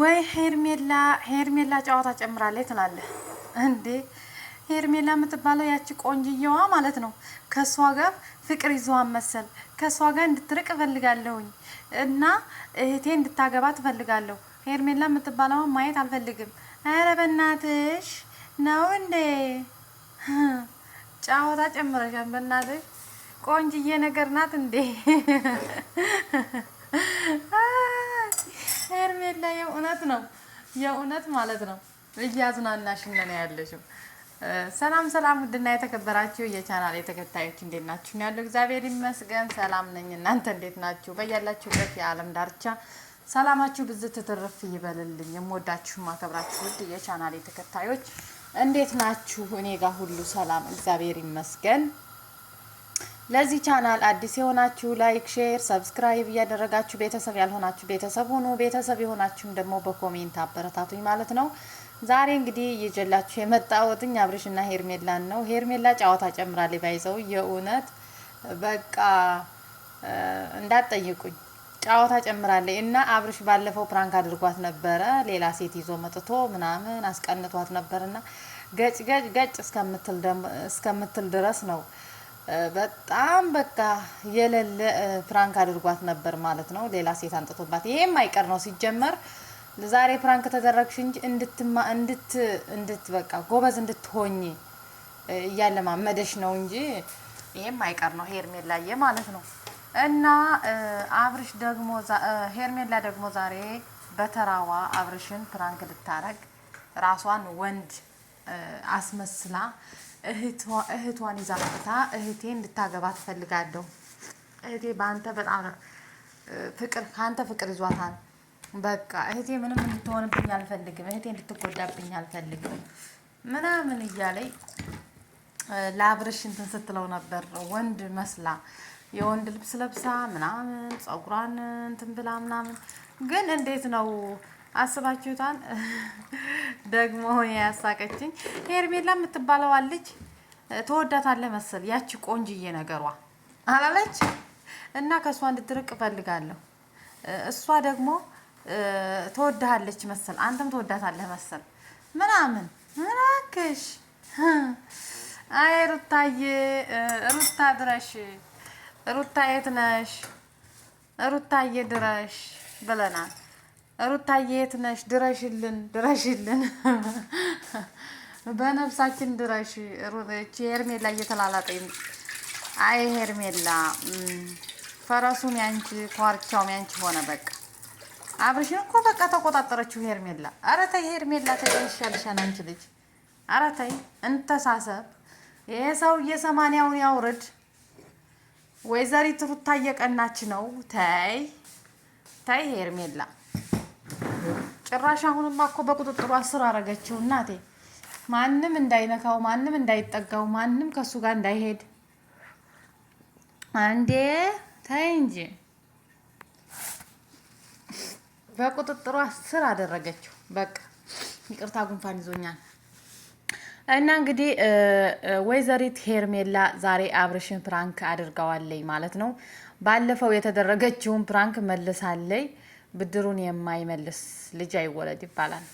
ወይ ሄርሜላ ሄርሜላ ጨዋታ ጨምራለች ትላለህ እንዴ? ሄርሜላ የምትባለው ያቺ ቆንጅየዋ ማለት ነው። ከእሷ ጋር ፍቅር ይዞዋን መሰል ከእሷ ጋር እንድትርቅ እፈልጋለሁኝ እና እህቴ እንድታገባ ትፈልጋለሁ። ሄርሜላ የምትባለውን ማየት አልፈልግም። ኧረ በናትሽ ነው እንዴ? ጨዋታ ጨምረሻል። በናትሽ ቆንጅዬ ነገር ናት እንዴ? ሄርሜላ የእውነት ነው የእውነት ማለት ነው እያዝናናሽን ነው ያለሽው። ሰላም ሰላም፣ ውድና የተከበራችሁ የቻናል የተከታዮች እንዴት ናችሁ? ያለው እግዚአብሔር ይመስገን ሰላም ነኝ። እናንተ እንዴት ናችሁ? በያላችሁበት የዓለም ዳርቻ ሰላማችሁ ብዙ ትትርፍ ይበልልኝ። የምወዳችሁ ማከብራችሁ ውድ የቻናል የተከታዮች እንዴት ናችሁ? እኔ ጋር ሁሉ ሰላም እግዚአብሔር ይመስገን። ለዚህ ቻናል አዲስ የሆናችሁ ላይክ፣ ሼር፣ ሰብስክራይብ እያደረጋችሁ ቤተሰብ ያልሆናችሁ ቤተሰብ ሁኑ። ቤተሰብ የሆናችሁም ደግሞ በኮሜንት አበረታቱኝ ማለት ነው። ዛሬ እንግዲህ እየጀላችሁ የመጣወትኝ አብርሽና ሄርሜላን ነው። ሄርሜላ ጨዋታ ጨምራ ባይዘው የእውነት በቃ እንዳትጠይቁኝ ጨዋታ ጨምራለች እና አብርሽ ባለፈው ፕራንክ አድርጓት ነበረ። ሌላ ሴት ይዞ መጥቶ ምናምን አስቀንቷት ነበርና ገጭ ገጭ ገጭ እስከምትል ድረስ ነው በጣም በቃ የሌለ ፕራንክ አድርጓት ነበር ማለት ነው። ሌላ ሴት አንጥቶባት ይሄም አይቀር ነው ሲጀመር። ዛሬ ፕራንክ ተደረግሽ እንጂ እንድትማ እንድት እንድት በቃ ጎበዝ እንድትሆኝ ማመደሽ ነው እንጂ ይሄም አይቀር ነው ሄርሜላዬ ማለት ነው። እና አብርሽ ደግሞ ሄርሜላ ደግሞ ዛሬ በተራዋ አብርሽን ፕራንክ ልታረግ ራሷን ወንድ አስመስላ እህቷን ይዛ መጥታ እህቴ እንድታገባ ትፈልጋለሁ። እህቴ በአንተ በጣም ፍቅር ከአንተ ፍቅር ይዟታል። በቃ እህቴ ምንም እንድትሆንብኝ አልፈልግም፣ እህቴ እንድትጎዳብኝ አልፈልግም ምናምን እያለኝ ለአብርሽ እንትን ስትለው ነበር። ወንድ መስላ የወንድ ልብስ ለብሳ ምናምን ፀጉሯን እንትን ብላ ምናምን። ግን እንዴት ነው አስባችሁታን? ደግሞ ያሳቀችኝ ሄርሜላ የምትባለዋ ልጅ ተወዳታለህ መሰል ያቺ ቆንጅዬ ነገሯ አላለች እና ከእሷ እንድትርቅ እፈልጋለሁ። እሷ ደግሞ ተወዳሃለች መሰል አንተም ተወዳታለህ መሰል ምናምን ምናክሽ አይ ሩታዬ፣ ሩታ ድረሽ፣ ሩታ የት ነሽ? ሩታዬ ድረሽ ብለናል። ሩታዬ የት ነሽ? ድረሽልን፣ ድረሽልን፣ በነፍሳችን ድረሽ። ሄርሜላ እየተላላጠኝ አይ ሄርሜላ ፈረሱም ያንቺ ኮርቻውም ያንቺ ሆነ። በቃ አብርሽን እኮ በቃ ተቆጣጠረችው ሄርሜላ። ኧረ ተይ ሄርሜላ ተይ፣ ይሻልሻል አንቺ ልጅ። ኧረ ተይ እንተሳሰብ። ይሄ ሰውዬ ሰማንያውን ያውርድ። ወይዘሪት ሩታ እየቀናች ነው። ተይ ተይ ሄርሜላ ጭራሽ አሁንማ እኮ በቁጥጥሯ ስር አደረገችው እናቴ። ማንም እንዳይነካው፣ ማንም እንዳይጠጋው፣ ማንም ከሱ ጋር እንዳይሄድ። አንዴ ተይ እንጂ በቁጥጥሯ ስር አደረገችው። በቃ ይቅርታ ጉንፋን ይዞኛል። እና እንግዲህ ወይዘሪት ሄርሜላ ዛሬ አብርሽን ፕራንክ አድርገዋለይ ማለት ነው። ባለፈው የተደረገችውን ፕራንክ መልሳለይ። ብድሩን የማይመልስ ልጅ አይወለድ ይባላል።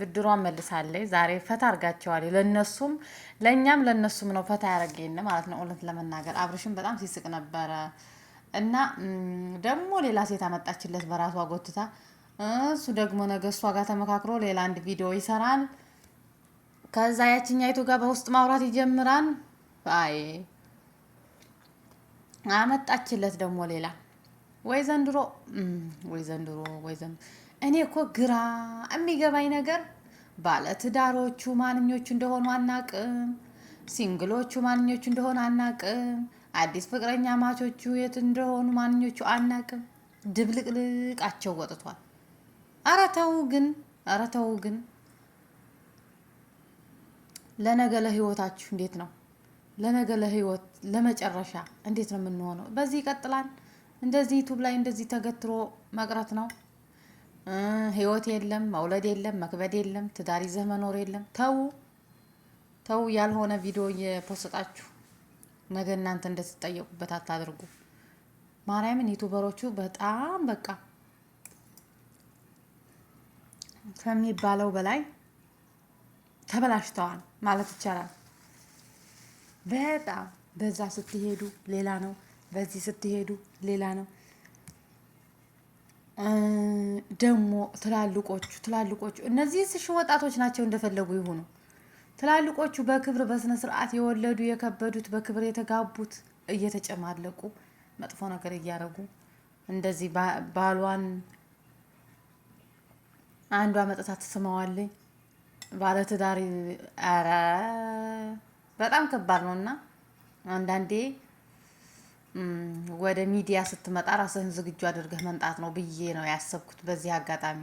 ብድሯን መልሳለች። ዛሬ ፈታ አርጋቸዋል። ለነሱም ለእኛም ለነሱም ነው ፈታ ያደረገን ማለት ነው። እውነት ለመናገር አብርሽም በጣም ሲስቅ ነበረ እና ደግሞ ሌላ ሴት አመጣችለት በራሷ ጎትታ። እሱ ደግሞ ነገ እሷ ጋር ተመካክሮ ሌላ አንድ ቪዲዮ ይሰራል። ከዛ ያችኛይቱ ጋር በውስጥ ማውራት ይጀምራል። አይ አመጣችለት ደግሞ ሌላ ወይ ዘንድሮ ወይ ዘንድሮ ወይ ዘንድሮ እኔ እኮ ግራ የሚገባኝ ነገር ባለትዳሮቹ ማንኞቹ እንደሆኑ አናቅም። ሲንግሎቹ ማንኞቹ እንደሆኑ አናቅም። አዲስ ፍቅረኛ ማቾቹ የት እንደሆኑ ማንኞቹ አናቅም። ድብልቅልቃቸው ወጥቷል። ኧረ ተው ግን ኧረ ተው ግን ለነገ ለህይወታችሁ እንዴት ነው? ለነገ ለህይወት ለመጨረሻ እንዴት ነው የምንሆነው? በዚህ ይቀጥላል። እንደዚህ ዩቱብ ላይ እንደዚህ ተገትሮ መቅረት ነው። ህይወት የለም፣ መውለድ የለም፣ መክበድ የለም፣ ትዳር ይዘህ መኖር የለም። ተው ተው፣ ያልሆነ ቪዲዮ እየፖሰጣችሁ ነገ እናንተ እንደትጠየቁበት አታድርጉ። ማርያምን ዩቱበሮቹ በጣም በቃ ከሚባለው በላይ ተበላሽተዋል ማለት ይቻላል። በጣም በዛ ስትሄዱ ሌላ ነው በዚህ ስትሄዱ ሌላ ነው። ደግሞ ትላልቆቹ ትላልቆቹ እነዚህ ስሽ ወጣቶች ናቸው እንደፈለጉ ይሆኑ። ትላልቆቹ በክብር በስነ ስርዓት የወለዱ የከበዱት በክብር የተጋቡት እየተጨማለቁ መጥፎ ነገር እያደረጉ እንደዚህ ባሏን አንዷ መጠታ ትስመዋለኝ ባለትዳሪ ኧረ በጣም ከባድ ነው እና አንዳንዴ ወደ ሚዲያ ስትመጣ ራስህን ዝግጁ አድርገህ መምጣት ነው ብዬ ነው ያሰብኩት። በዚህ አጋጣሚ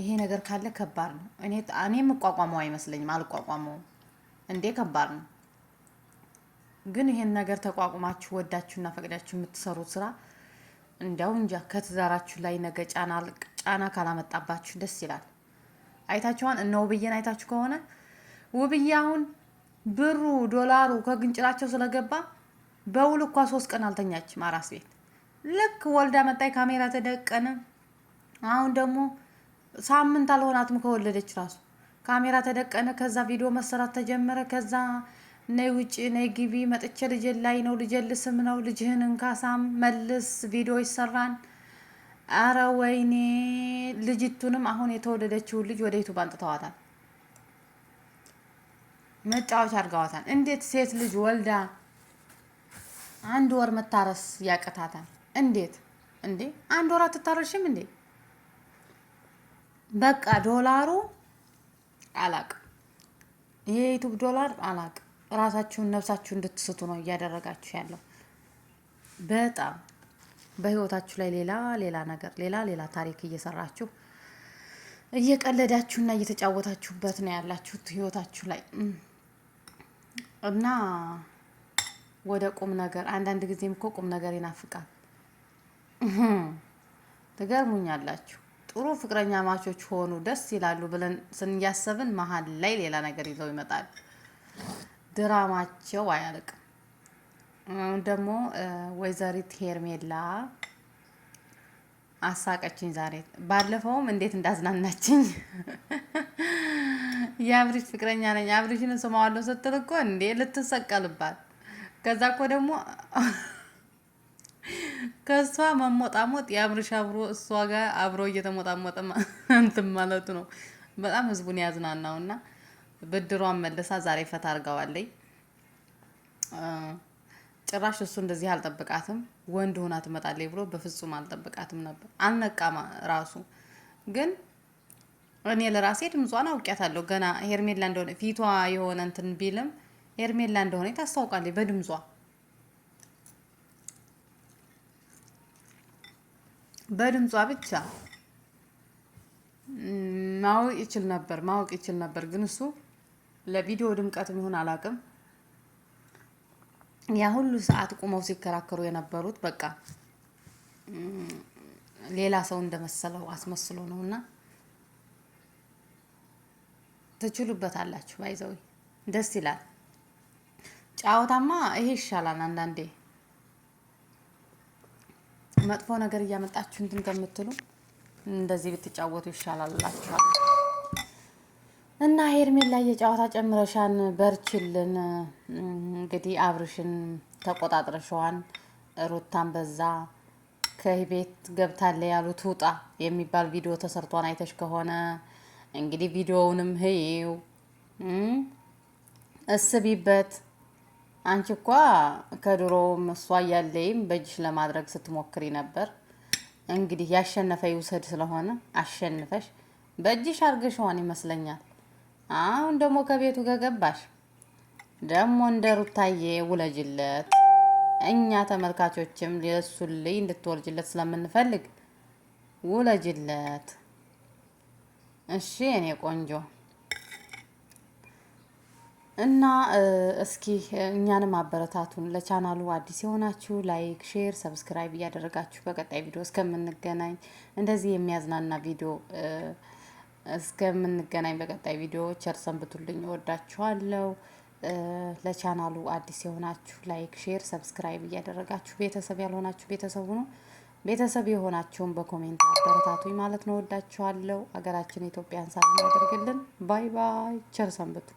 ይሄ ነገር ካለ ከባድ ነው። እኔ እኔ የምቋቋመው አይመስለኝም፣ አልቋቋመውም። እንዴ ከባድ ነው። ግን ይሄን ነገር ተቋቁማችሁ ወዳችሁና ፈቅዳችሁ የምትሰሩት ስራ እንዲያው እንጃ ከትዳራችሁ ላይ ነገ ጫና ካላመጣባችሁ ደስ ይላል። አይታችኋን እነ ውብዬን አይታችሁ ከሆነ ውብዬ አሁን ብሩ ዶላሩ ከግንጭላቸው ስለገባ በውል እኳ ሶስት ቀን አልተኛችም አራስ ቤት ልክ ወልዳ መጣይ ካሜራ ተደቀነ። አሁን ደግሞ ሳምንት አልሆናትም ከወለደች ራሱ ካሜራ ተደቀነ። ከዛ ቪዲዮ መሰራት ተጀመረ። ከዛ ነይ ውጭ ነይ ግቢ መጥቼ ልጅን ላይ ነው ልጅን ልስም ነው ልጅህን እንካሳም መልስ ቪዲዮ ይሰራን። አረ ወይኔ ልጅቱንም አሁን የተወለደችውን ልጅ ወደ ዩቱብ አንጥተዋታል፣ መጫወቻ አድርገዋታል። እንዴት ሴት ልጅ ወልዳ አንድ ወር መታረስ ያቅታታል። እንዴት እንዴ? አንድ ወር አትታረሽም እንዴ? በቃ ዶላሩ አላቅ ይሄ ዩቱብ ዶላር አላቅ ራሳችሁን ነፍሳችሁ እንድትስቱ ነው እያደረጋችሁ ያለው። በጣም በህይወታችሁ ላይ ሌላ ሌላ ነገር ሌላ ሌላ ታሪክ እየሰራችሁ እየቀለዳችሁና እየተጫወታችሁበት ነው ያላችሁት ህይወታችሁ ላይ እና ወደ ቁም ነገር አንዳንድ ጊዜም እኮ ቁም ነገር ይናፍቃል። ትገርሙኛላችሁ። ጥሩ ፍቅረኛ ማቾች ሆኑ ደስ ይላሉ ብለን ስንያሰብን መሀል ላይ ሌላ ነገር ይዘው ይመጣል። ድራማቸው አያልቅም። አሁን ደግሞ ወይዘሪት ሄርሜላ አሳቀችኝ ዛሬ። ባለፈውም እንዴት እንዳዝናናችኝ የአብሪሽ ፍቅረኛ ነኝ አብሪሽን ስማዋለሁ ስትል እኮ እንዴ ልትሰቀልባት ከዛ እኮ ደግሞ ከእሷ መሞጣሞጥ የአብርሽ አብሮ እሷ ጋር አብሮ እየተሞጣሞጠ እንትን ማለቱ ነው። በጣም ህዝቡን ያዝናናው እና ብድሯን መለሳ ዛሬ ፈታ አርገዋለይ። ጭራሽ እሱ እንደዚህ አልጠብቃትም ወንድ ሆና ትመጣለይ ብሎ በፍጹም አልጠብቃትም ነበር። አልነቃማ ራሱ ግን እኔ ለራሴ ድምጿን አውቂያታለሁ። ገና ሄርሜላ እንደሆነ ፊቷ የሆነ እንትን ቢልም ኤርሜላ እንደሆነ ታስታውቃለች በድምጿ። በድምጿ ብቻ ማወቅ ይችል ነበር ማወቅ ይችል ነበር። ግን እሱ ለቪዲዮ ድምቀት የሚሆን አላውቅም። ያ ሁሉ ሰዓት ቁመው ሲከራከሩ የነበሩት በቃ ሌላ ሰው እንደመሰለው አስመስሎ ነው። እና ትችሉበታላችሁ ባይዘው ደስ ይላል። ጫወታማ ይሄ ይሻላል። አንዳንዴ መጥፎ ነገር እያመጣችሁ እንትን ከምትሉ እንደዚህ ብትጫወቱ ይሻላላችኋል። እና ላይ የጨዋታ ጨምረሻን በርችልን። እንግዲህ አብርሽን ተቆጣጥረሸዋን፣ ሩታን በዛ ከቤት ገብታለ ያሉት ውጣ የሚባል ቪዲዮ ተሰርቷን አይተሽ ከሆነ እንግዲህ ቪዲዮውንም ህይው እስቢበት። አንቺ እኳ ከድሮውም እሷ እያለይም በእጅሽ ለማድረግ ስትሞክሪ ነበር። እንግዲህ ያሸነፈ ይውሰድ ስለሆነ አሸንፈሽ በእጅሽ ሆን ይመስለኛል። አሁን ደግሞ ከቤቱ ከገባሽ ደግሞ እንደ ሩታዬ ውለጅለት። እኛ ተመልካቾችም ሌሱን ልይ እንድትወልጅለት ስለምንፈልግ ውለጅለት። እሺ የኔ ቆንጆ እና እስኪ እኛንም አበረታቱን። ለቻናሉ አዲስ የሆናችሁ ላይክ፣ ሼር፣ ሰብስክራይብ እያደረጋችሁ በቀጣይ ቪዲዮ እስከምንገናኝ እንደዚህ የሚያዝናና ቪዲዮ እስከምንገናኝ በቀጣይ ቪዲዮ ቸር ሰንብቱልኝ። እወዳችኋለሁ። ለቻናሉ አዲስ የሆናችሁ ላይክ፣ ሼር፣ ሰብስክራይብ እያደረጋችሁ ቤተሰብ ያልሆናችሁ ቤተሰቡ ነው ቤተሰብ የሆናችሁን በኮሜንት አበረታቱኝ ማለት ነው። እወዳችኋለሁ። አገራችን ኢትዮጵያን ሰላም ያደርግልን። ባይ ባይ። ቸር ሰንብቱ።